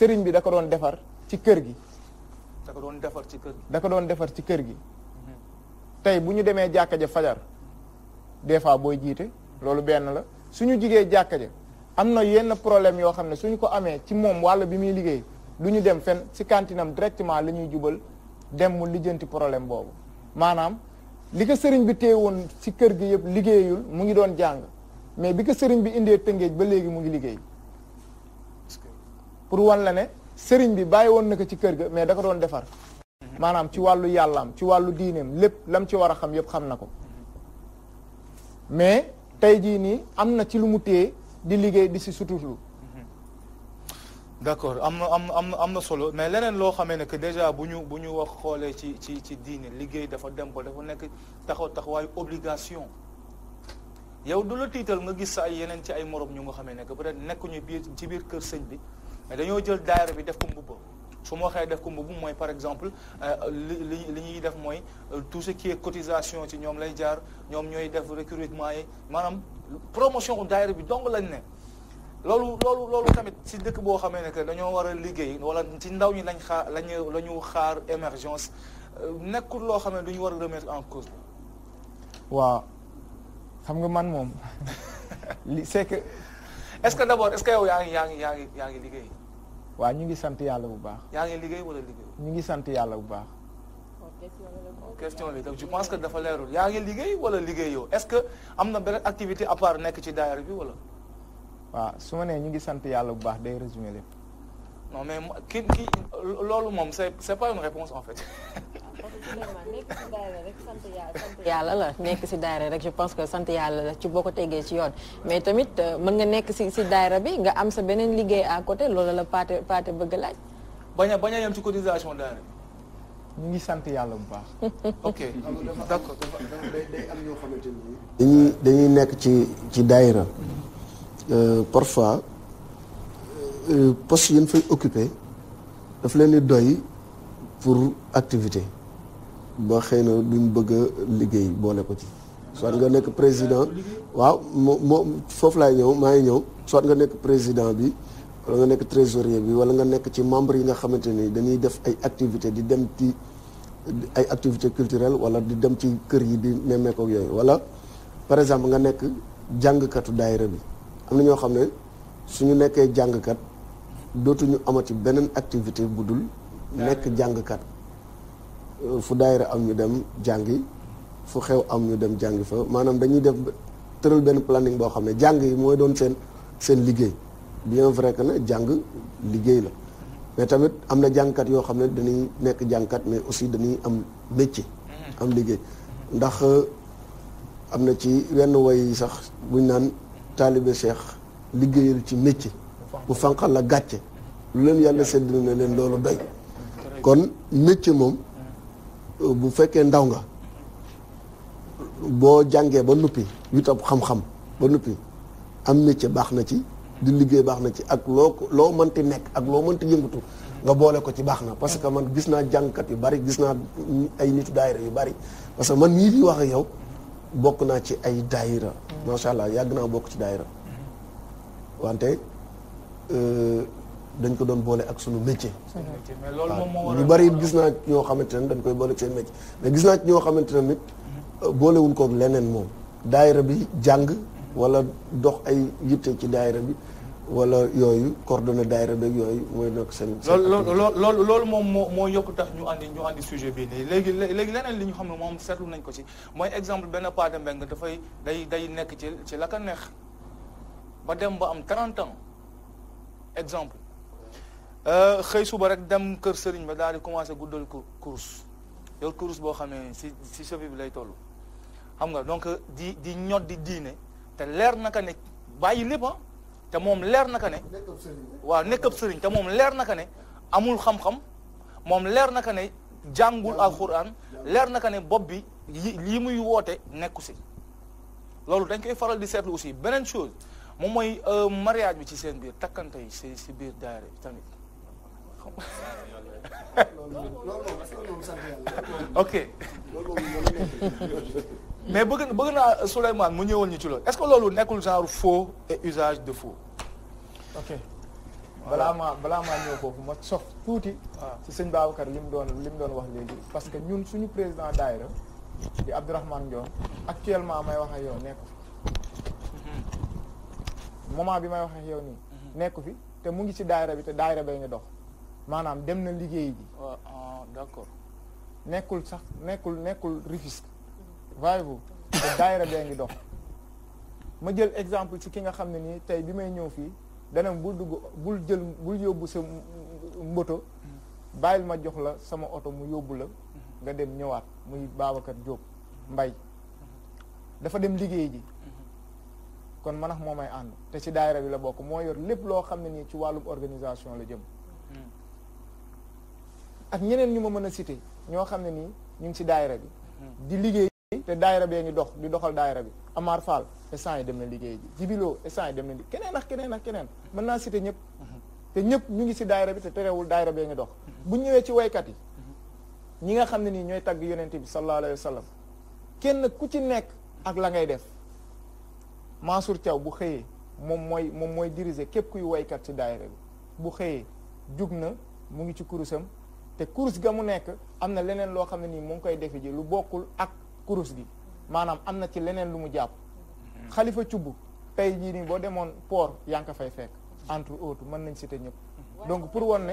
sëriñ bi da ko doon defar ci kër gi. da doon defar ci kër gi. doon defar ci kër gi. Mhm. tey bu ñu demee jàkka ja fajar des fois booy jiite loolu benn la suñu jigee jàkka ja am na yenn problème yoo xam ne suñu ko amee ci moom wàll bi muy liggéey du ñu dem fen si kantinam directement la ñuy jubal dem mu lijjanti problème boobu maanaam li ko sëriñ bi téye woon si kër gi yëpp liggéeyul mu ngi doon jàng mais bi ko sëriñ bi indee tëngéej ba léegi mu ngi liggéey. pour wan la ne sëriñ bi bàyyi woon na ko ci kër gi mais da doon defar maanaam ci wàllu yàllaam ci wàllu diineem lépp lam ci war a xam yépp xam na ko mais tey jii nii am na ci lu mu di liggéey di si suturlu d'accord am na am am am na solo mais leneen loo xamee ne que déjà bu ñu bu ñu wax xoolee ci ci ci diine liggéey dafa dem ba dafa nekk taxaw taxawaayu obligation yaw du la tiital nga gis sa ay yeneen ci ay moroom ñu nga xamee ne que peut-être nekkuñu biir ci biir kër sëñ bi dañoo jël daayira bi def ko mbubba su ma waxee def ko mbubbu mooy par exemple euh, li li li ñuy def mooy euh, tout ce qui est cotisation ci ñoom lay jaar ñoom ñooy def recrutement yi maanaam promotion daayira bi dong lañ ne loolu loolu tamit si dëkk boo xamee ne que dañoo war a liggéey wala ci ndaw ñi lañ xaar lañu la ñu xaar émergence euh, nekkul loo xam ne du ñu war a en cause waaw xam nga man moom li c'est que est-ce que d'abord est que yaa yaa ngi yaa ngi yaa ngi liggéey waaw ñu ngi sant yàlla bu baax. yaa ngi liggéey wala liggéey. ñu ngi sant yàlla bu baax. Oh, question bi donc oh, je pense que dafa leerul yaa ngi liggéey wala liggéeyoo est-ce que am na beneen activité à nekk ci daayira bi wala. waaw su ma nee ñu ngi sant yàlla bu baax day résumé lépp. non mais ki ki loolu moom c'est c'est pas une réponse en fait. sant yàlla la nekk si daayira rek je pense que sant yàlla la ci boo ko tegee ci yoon mais tamit euh, mën nga nekk si si daayira bi nga am sa beneen liggéey à côté loolu la paate paate bëgg laaj bañ a bañ a yem ci cotisation daayira mu ngi sant yàlla bu baax dañuy nekk ci ci daayira euh, parfois euh, poste yi ñu fay occupé daf leen di doy pour activité ba xëy na lu mu bëgg a liggéey boole ko ci soit nga nekk président waaw moo moo foofu laay ñëw maa ngi ñëw soit nga nekk président bi wala nga nekk trésorier bi wala nga nekk ci membre yi nga xamante ni dañuy def ay activités di dem ci ay activités culturelles wala di dem ci kër yi di nemmeeku ak yooyu wala par exemple nga nekk jàngkatu daayira bi am na ñoo xam ne suñu nekkee jàngkat dootuñu amati beneen activité bu dul nekk jàngkat fu daayira am ñu dem jàngi fu xew am ñu dem jàngi fa maanaam dañuy dem tëral benn planning boo xam ne jàng yi mooy doon seen seen liggéey bien vrai que na jàng liggéey la mais tamit am na jàngkat yoo xam ne dañuy nekk jàngkat mais aussi dañuy am métier. Mm-hmm. am liggéey ndax euh, am na ci wenn woy yi sax buñ naan taalibe Cheikh liggéeyal ci métier. bu fanqal la gàcce lu leen yàlla sedd na leen loolu doy kon métier moom bu fekkee ndaw nga boo jàngee ba nuppi witam xam-xam ba nuppi am métier baax na ci di liggéey baax na ci ak loo loo mënti nekk ak loo mënti yëngatu nga boole ko ci baax na parce que man gis naa jàngkat yu bari gis naa ay nitu daayira yu bari parce que man mii fi wax ak yow bokk naa ci ay daayira macha allah yàgg naa bokk ci daayira wante euh, dañ ko doon boole ak suñu métier. waaw ñu bari gis naa ñoo xamante ne dañ koy boole seen métier gis naa ci ñoo xamante ne nit mhm. boolewuñ koog leneen moom daayira bi jàng wala dox ay yitte ci daayira bi wala yooyu coordonné daayira beeg yooyu mooy nekk seen. loolu loolu moom moo moo yokk tax ñu andi ñu andi sujet bii nii léegi léegi leneen li ñu xam ne moom seetlu nañ ko ci mooy exemple benn Pathé Mbengue dafay day day nekk ci ci la ka neex ba dem ba am 30 ans exemple. Euh, xëy suba rek dem kër sëriñ ba daal di commencé guddal course yor course boo xam ne si si cheville bi lay toll xam nga donc di di ñot di diine te leer naka ne bàyyi lépp ah. te moom leer naka ne waaw nekkab sëriñ te moom leer naka ne amul xam-xam moom leer naka ne jàngul alxuraan leer naka ne bopp bi lii muy woote nekku si loolu dañ koy faral di seetlu aussi beneen chose moom mooy euh, mariage bi ci seen biir takkante yi si biir daayira bi tamit ok mais bëgg bëgg naa Souleymane mu ñëwal ñu ci loolu est-ce nekkul genre faux et usage de faux. ok balaa maa balaa maa ñëw foofu ma sox tuuti. si sëñ Babacar li mu doon li mu doon wax léegi parce que ñun suñu président daayira di Abdourahmane Ndion actuellement may wax ak yow fi mhm. moment bi may wax ak nii. Mhm. nekk fi te mu ngi ci daayira bi te daayira bay nga dox. maanaam dem na liggéey ji. Ah, d'accord. nekkul sax nekkul nekkul Rufisque. voyez-vous mm. te ngi dox. ma jël exemple ci ki nga xam ne nii tey bi may ñëw fii dana bul dugg bul jël bul yóbbu sa mboto. bàyyil ma jox la sama oto mu yóbbu la. nga dem ñëwaat muy Babacar Diop mbay dafa dem liggéey ji. kon man ak moo may ànd te ci daayira bi la bokk moo yor lépp loo xam ne nii ci wàllum organisation la jëm. ak ñeneen ñu ma mën a cité ñoo xam ne nii ñu ngi si daayira bi di liggéey te daayira bee ngi dox di doxal daayira bi Amar Fall essant yi dem na liggéey ji Jibilo essant yi dem na liggéey keneen ak keneen ak keneen mën naa cité ñëpp te ñëpp ñu si daayira bi te terewul daayira bee ngi dox bu ñëwee ci waykat yi ñi nga xam ne nii ñooy tagg yonente bi sallallahu alayhi wa sallam kenn ku ci nekk ak la ngay def Mansour Thiaw bu xëyee moom mooy moom mooy diriger képp kuy waykat ci daayira bi bu xëyee jug na mu ngi ci kurusam te course ga mu nekk am na leneen loo xam ne nii mu ngi koy defe ji lu bokkul ak course gi maanaam am na ci leneen lu mu jàpp xalifa cubb jii boo demoon port yaa ngi ko fay fekk entre autres mën nañ citer ñëpp donc pour won ne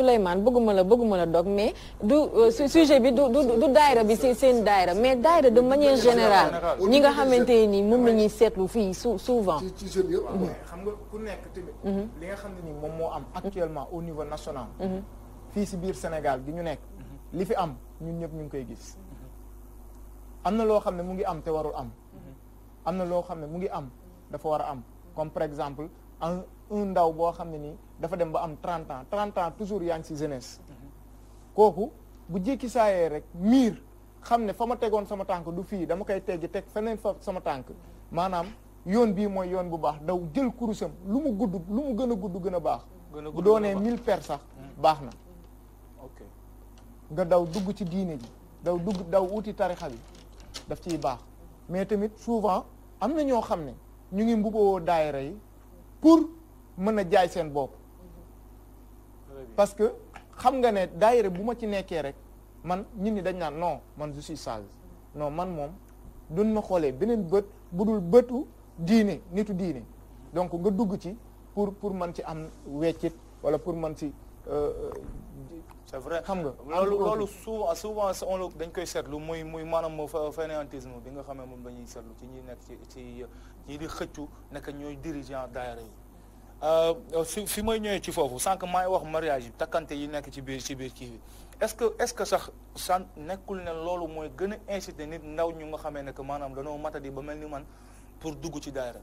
Souleymane bëgguma la bëgguma la dog mais du euh, sujet bi du du daayra bi seen seen daayra mais daayra de manière générale ñi nga xamante nii moom la ñuy seetlu fii souvent mhm. xam nga ku nekk mhm. li nga xam ne nii moom moo am actuellement au niveau national mhm. fii si biir Sénégal gi ñu nekk li fi am ñun ñëpp ñu ngi koy gis am na loo xam ne mu ngi am te warul am am na loo xam ne mu ngi am dafa war a am comme par exemple un ndaw boo xam ne nii dafa dem ba am 30 ans toujours yaa ngi si jeunesse kooku bu jékki saayee rek miir xam ne fa ma tegoon sama tànk du fii dama koy teggi teg feneen fa sama tànk maanaam yoon bii mooy yoon bu baax ndaw jël kurusam lu mu gudd lu mu gën a gudd gën a baax bu doonee mille per sax hmm. baax na nga daw dugg ci diine ji daw dugg daw wuti tarixa bi daf ciy baax mais tamit souvent am na ñoo xam ne ñu ngi mbubowoo daayira yi pour mën a jaay seen bopp parce que xam nga ne daayira bu ma ci nekkee rek man ñit ñi dañ naan non man je suis sage non man moom duñ ma xoolee beneen bët bu dul bëtu diine nitu diine donc nga dugg ci pour pour mën ci am weccit wala pour mën ci euh, c' vrai xam nga loolu loolu souvent souvent on dañ koy seetlu muy muy maanaam moo fainéantisme bi nga xam ne moom dañuy seetlu ci ñi nekk ci ci ñi di xëccu nekk ñooy dirigeant daayira yi euh, fi fi may ñëwee ci foofu sànq maay wax mariage yi takkante yi nekk ci biir ci biir kii bi est-ce que est-ce que sax san nekkul ne loolu mooy gën a inciter nit ndaw ñu nga xamee nekk maanaam danoo matadi ba mel ni man pour dugg ci daayira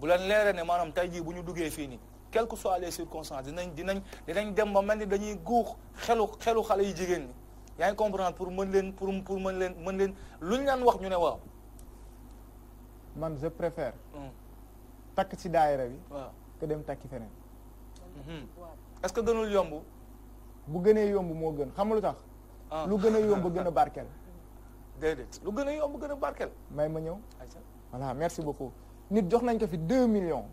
bu leen leeree ne maanaam tey jii bu ñu duggee fii nii quelles que soient les circonstances dinañ dinañ dinañ dem ba mel ni dañuy guux xelu xelu xale yu jigéen ñi yaa ngi comprendre pour mën leen pour pour mën leen mën leen luñ leen wax ñu ne waaw. man je préfère. Hmm. takk ci daayira bi. waaw dem takki feneen. Hmm. est que gënul yomb. bu gënee yomb moo gën xam lu tax. Ah. lu gën a yomb gën a barkeel. déedéet lu gën a yomb gën a barkeel. may ma ñëw. voilà merci beaucoup nit jox nañ ko fi deux millions.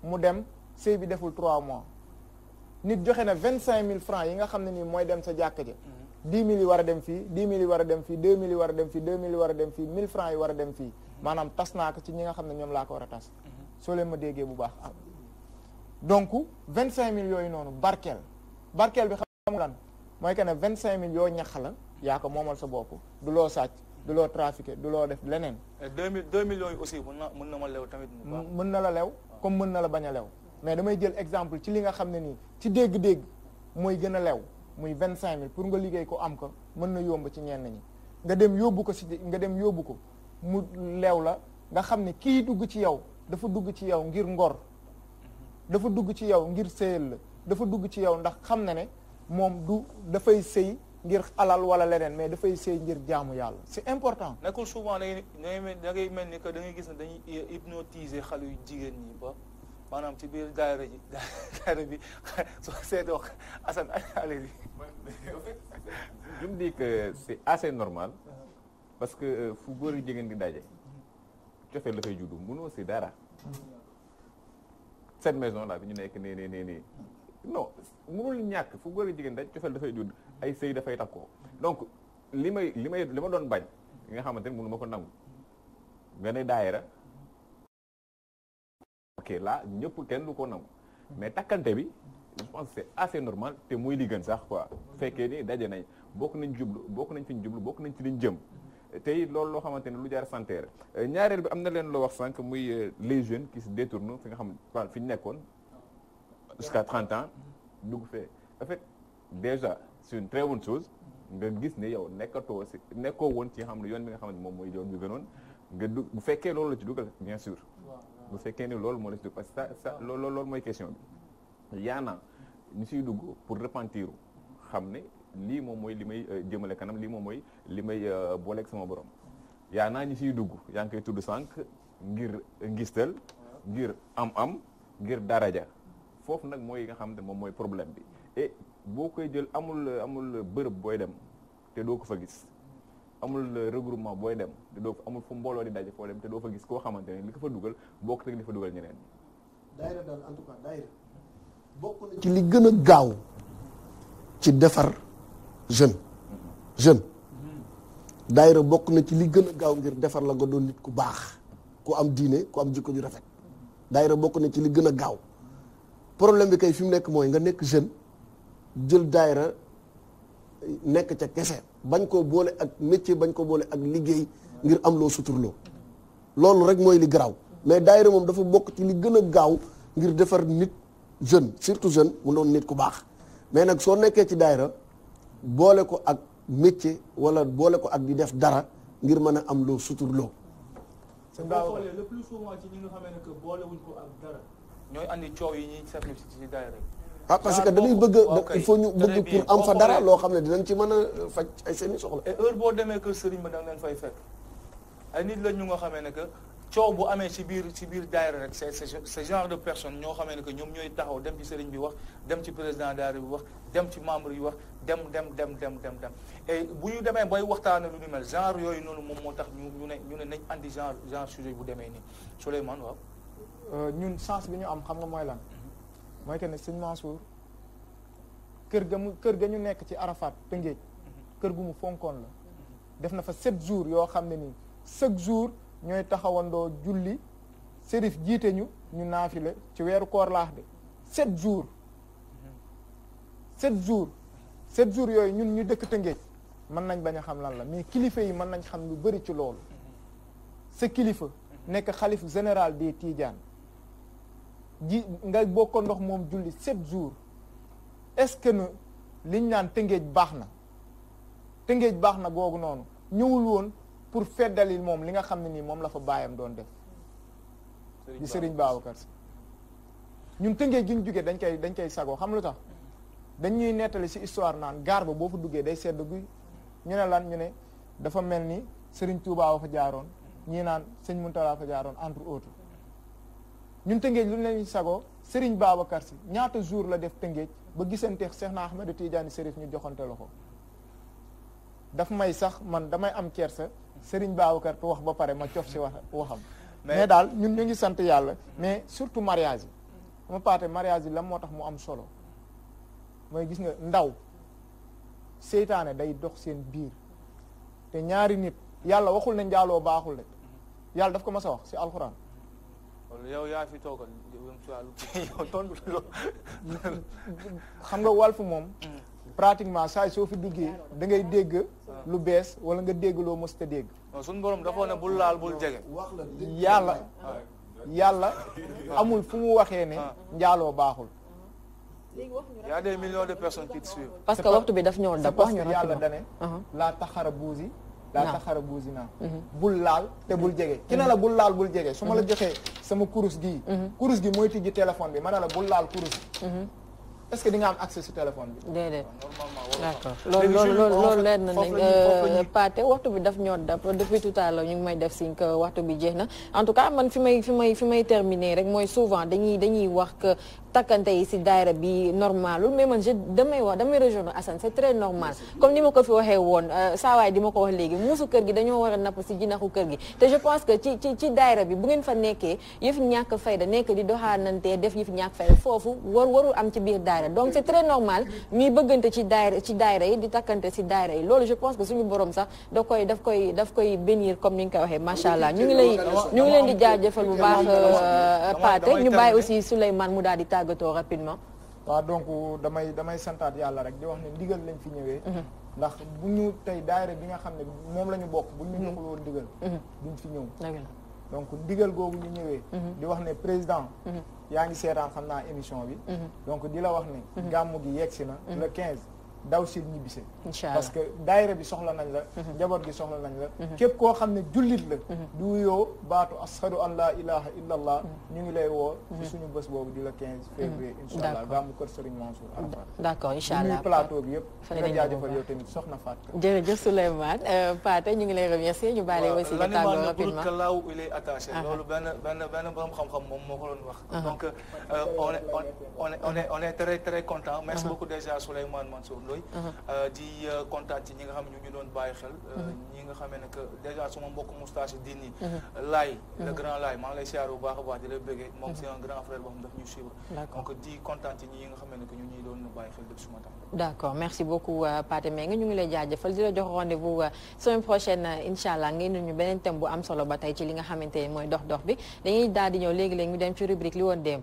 Hmm. mu dem. sëy bi deful trois mois nit joxe na vingt cinq mille francs yi nga xam ne nii mooy dem sa jàkk ji mhm. dix mille yi war a dem fii dix mille yi war a dem fii deux mille yi a dem fii deux mille yi a dem fii mille francs yi fii mhm. maanaam tas naa ko ci ñi nga xam ne ñoom laa ko war a tas mhm. soo leen ma déggee bu baax am donc vingt cinq mille yooyu noonu barkeel barkeel bi xam nga lan mooy que ne vingt cinq mille yoo ñax la yaa ko moomal sa bopp du loo sàcc du loo trafiqué du loo def leneen deux millions yi aussi mën na mën na ma lew tamit mën na la lew comme mën na la bañ a lew mais damay jël exemple ci li nga xam ne nii ci dégg-dégg mooy gën a lew muy vingt cinq mille pour nga liggéey ko am ko mën na yomb ci ñenn ñi nga dem yóbbu ko si nga dem yóbbu ko mu lew la nga xam ne kii dugg ci yow dafa dugg ci yow ngir ngor dafa dugg ci yow ngir sëyal la dafa dugg ci yow ndax xam ne ne moom du dafay sëy ngir alal wala leneen mais dafay sëy ngir jaamu yàlla c'est important. nekkul souvent da ni da ngay mel ni que da ngay gis ne dañuy hypnotiser xale yu jigéen ñi ba. maanaam ci biir daayira ji daayira bi soo seetoo Assane allez-y. je me dis que c'est normal parce que euh, fu góor yi jigéen di daje cofee la fay juddu si dara cette maison bi ñu nekk nii nii ñàkk fu jigéen daje cofee dafay judd ay sëy dafay ko donc li may li may li ma doon bañ nga xamante ne mënu ko nangu nga ne daayira takkee là ñëpp kenn lu ko nangu mais takkante bi je pense c'est assez normal te muy li gën sax quoi fekkee ni daje nañ bokk nañ jublu bokk nañ fi ñu jublu bokk nañ ci liñ jëm te it loolu loo xamante ne lu jaar santé euh, ñaareel bi am na leen loo wax sànq muy euh, les jeunes qui se détournent fi nga xam ne fi ñu nekkoon jusqu'à 30 ans dugg fee en fait déjà c'est une très bonne chose nga gis ne yow nekkatoo si nekkoo woon ci xam ne yoon bi nga xamante moom mooy yoon bi gënoon bu fekkee loolu la ci dugal bien bu fekkee ni loolu moo des parce que ça ça loolu loolu mooy question bi yaana ñu siy dugg pour repentir xam ne lii moom mooy li may euh, jëmale kanam lii moom mooy li may euh, booleeg sama borom yaana ñu siy dugg yaa ngi koy tudd sànq ngir ngistal ngir am-am ngir daraja foofu nag mooy nga xam ne moom mooy problème bi et boo koy jël amul amul bërëb booy dem te doo ko fa gis amul euh, regroupement booy dem te doo amul fu mbooloo di daje foo dem te doo fa gis koo xamante ne li ko fa dugal bokk rek di fa dugal na ci li gën a gaaw ci defar jeune. jeune daayira bokk na ci li gën a gaaw ngir defar la nga doon nit ku baax ku am diine ku am jikko ju rafet daayira bokk na ci li gën a gaaw problème bi kay fi mu nekk mooy nga nekk jeune jël daayira. nekk ca kese bañ koo boole ak métier bañ ko boole ak liggéey ngir am loo suturloo loolu rek mooy li garaw mais daayira moom dafa bokk ci li gën a gaaw ngir defar nit jeune surtout jeune mu doon nit ku baax mais nag soo nekkee ci daayira boole ko ak métier wala boole ko ak di def dara ngir mën a am loo suturloo. loo est le plus souvent ci ñi nga xam boolewuñ ko ñooy andi coow yi ñuy Ah, parce que dañuy bëgg ah, il faut ñu bëgg pour am fa dara loo xam ne dinañ ci mën a euh, faj ay seeni soxla. et heure boo demee kër sëriñ ba da fay ay nit la ñu nga xamee ne que coow bu amee ci biir ci biir daayira rek c'est ce genre de personne ñoo xamee ne que ñoom ñooy taxaw dem ci sëriñ bi wax dem ci président daayira bi wax dem ci membre yi wax dem dem dem dem dem dem bu ñu demee bay waxtaanee lu ñu mel genre yooyu noonu moom moo tax ñu ñu ne ñu ne nañ andi genre genre sujet bu demee nii Souleymane waaw. Euh, ñun sens bi ñu am xam nga moy lan. mooy que ne sëñ Mansour kër ga mu kër ga ñu nekk ci Arafat Tëngéej kër gu mu fonkoon la def na fa sept jours yoo xam ne nii chaque jour ñooy taxawandoo julli sérif jiite ñu ñu naafile ci weeru koor laax de sept jours sept jours sept jours yooyu ñun ñu dëkk Tëngéej mën nañ bañ a xam lan la mais kilifa yi mën nañ xam lu bëri ci loolu sa kilifa nekk xalif général des Tidiane ji nga bokkoon ndox moom julli sept jours est-ce que ne liñ naan tëngéej baax na tëngéej baax na googu noonu ñëwul woon pour feddali moom li nga xam ne nii moom la fa baayam doon def di Serigne Babacar Si ñun tëngéej gi ñu jugee dañ koy dañ koy sagoo xam lu tax dañuy nettali si histoire naan gaar ba boo fa duggee day sedd guy ñu ne lan ñu ne dafa mel ni Serigne Touba fa jaaroon ñii naan sëñ Mountakha fa jaaroon entre autres ñun tëngeej lu leen sagoo Serigne Babacar si ñaata jour la def tëngeej ba gisante gisanteex Cheikh na Ahmed Tidiane Serif ñu joxante loxo daf may sax man damay am kersa Serigne Babacar tu wax ba pare ma cof si wax waxam. mais daal ñun ñu ngi sant yàlla mais surtout mariage yi. ma paate mariage yi lan moo tax mu am solo mooy gis nga ndaw seytaane day dox seen biir te ñaari nit yàlla waxul ne njaaloo baaxul de yàlla daf ko mas a wax si alxuraan. kon yow yaa fi toogal jëm si xam nga Walf moom mm. pratiquement saa soo fi duggee da ngay dégg lu bees wala nga dégg loo mës ta dégg suñ borom dafa ne bul laal bul jege yàlla yàlla amul fu mu waxee ne ah. njaaloo baaxul y de des de personnes qui parce que waxtu bi daf ñoo dab wax ñu yàlla dane uh-huh. laa taxara buusi laa taxara buusi naa mm-hmm. bul laal te bul jege ki ne la mm-hmm. bul laal bul jege su ma la joxee sama kurus gi mhm. kurus gi mooy tijji téléphone bi ma ne la bul laal kurus gi. Mhm. est-ce di nga am accès si téléphone bi. déedéet d'accord loolu lool loolu leen na nañ euh, Pathé waxtu bi daf ñoo dab depuis tout à ñu ngi may def siñ que waxtu bi jeex na en tout cas man fi may fi may fi may terminer rek mooy souvent dañuy dañuy wax takkante yi si daayira bi normalul mais man je damay wax damay rejoindre Assane c'est très normal comme ni ma ko fi waxee woon euh, saawaay di ma ko wax léegi muusu kër gi dañoo war napp si jinaxu kër gi te je pense que ci ci ci daayira bi bu ngeen fa nekkee yëf ñàkk fayda nekk di doxaanantee def yëf ñàkk fayda foofu war warul am ci biir daayira donc c'est très normal ñuy bëggante ci daayira ci daayira yi di takkante si daayira yi loolu je pense que suñu borom sax da daf koy daf koy ni nga ko waxee macha allah ñu ngi lay ñu ngi leen di euh, di tàggatoo rapidement. waaw donc damay damay santaat yàlla rek di wax ne ndigal lañ fi ñëwee. Mhm. ndax bu ñu tey daayira bi nga xam ne moom la ñu bokk. bu ñu mhm. joxul woon ndigal. Mhm. duñ fi ñëw. donc ndigal googu ñu ñëwee. di wax ne président. yaa ngi seetaan xam naa émission bi. donc di la wax ne. gàmmu gi yegg si na le 15. daw si ñibbise parce que daayira bi soxla nañ la mhm. njaboot gi soxla nañ la mhm. képp koo xam ne jullit la mhm. du wuyoo baatu ashadu an la ilaha illa allah ñu ngi lay woo ci suñu bés boobu di la quinze février incha allah gàmmu kër Serigne Mansour d'accord incha allah plateau bi yëpp nga jaajëfal yow tamit soxna Faat jërëjëf Souleymane euh, Pathé ñu ngi lay remercier ñu bàyyi aussi di tàggoo rapidement que là où il est ah ah. loolu benn benn xam-xam moom moo ko doon wax ah euh, on est on est Ndoye di kontaan ci ñi nga xam ne ñu ñu doon bàyyi xel ñi nga xamee ne que déjà suma mbokk moustache diin yi laay le la bëggee moom c'est un grand frère boo xam daf kontaan ñi nga xamee ne que ñu ñuy doon bàyyi xel depuis ce matin d'accord merci beaucoup euh, Pathé Mbengue ñu ngi lay jaajëfal di la jox rendez-vous euh, semaine prochaine euh, incha allah ngay ñu beneen thème bu am solo ba tey ci li nga xamante ne mooy dox dox bi dañuy daal di ñëw léegi-léegi ñu dem ci rubrique li woon démb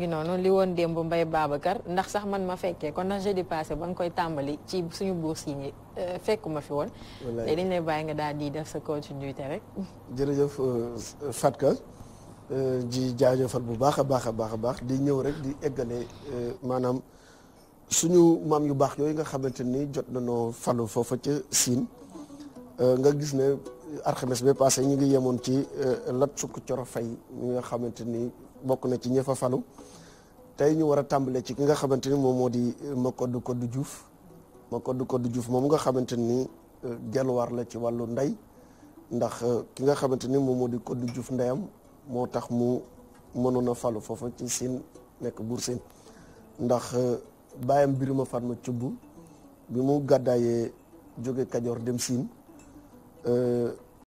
ngi noonu li woon démb Mbaye Babacar ndax sax man ma fekkee kon ndax jeudi passé ba nga koy tàmbali ci suñu bourse yi euh, fekkuma fi woon. wallaay dañ lay bàyyi nga daal di def sa continuité rek. jërëjëf euh, Fatka euh, di jaajëfal bu baax a baax a baax a baax di ñëw rek di eggale maanaam suñu maam yu baax yooyu nga xamante ni jot nañoo falu foofu ca Siin nga gis ne alxames bi passé ñu ngi yemoon ci Lat Sukk Coro Fay ñi nga xamante ni. bokk na ci ñë fa falu tey ñu war a tàmbale ci ki nga xamante ni moom moo di Makoddu Koddu Diouf Makoddu Koddu Diouf moom nga xamante ni euh, gelwaar la ci wàllu ndey ndax euh, ki nga xamante ni moom moo di Koddu juuf ndeyam moo tax mu mënoon a falu foofu ci Sine nekk Buur Sine ndax euh, bàyyam Birima Fatma Cubb bi mu gàddaayee jóge Kajoor dem Sine